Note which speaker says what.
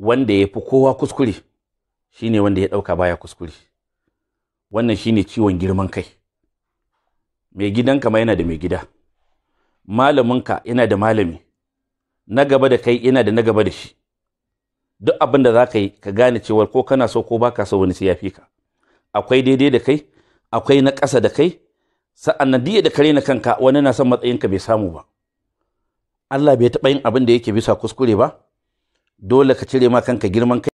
Speaker 1: wanda ya fi kowa kuskure shine wanda ya ɗauka baya kuskure wannan shine ciwon girman kai mai gidanka ma yana da mai gida malaminka yana da malami na gaba da kai yana da na gaba da shi duk abin da za ka yi ka gane cewar ko kana so ko baka so wani sai fi ka akwai daidai da kai akwai na ƙasa da kai sa'an nan diya da kare na kanka wani na son matsayinka bai samu ba Allah bai taɓa yin abin da yake bisa kuskure ba
Speaker 2: dole ka cire ma kanka girman kai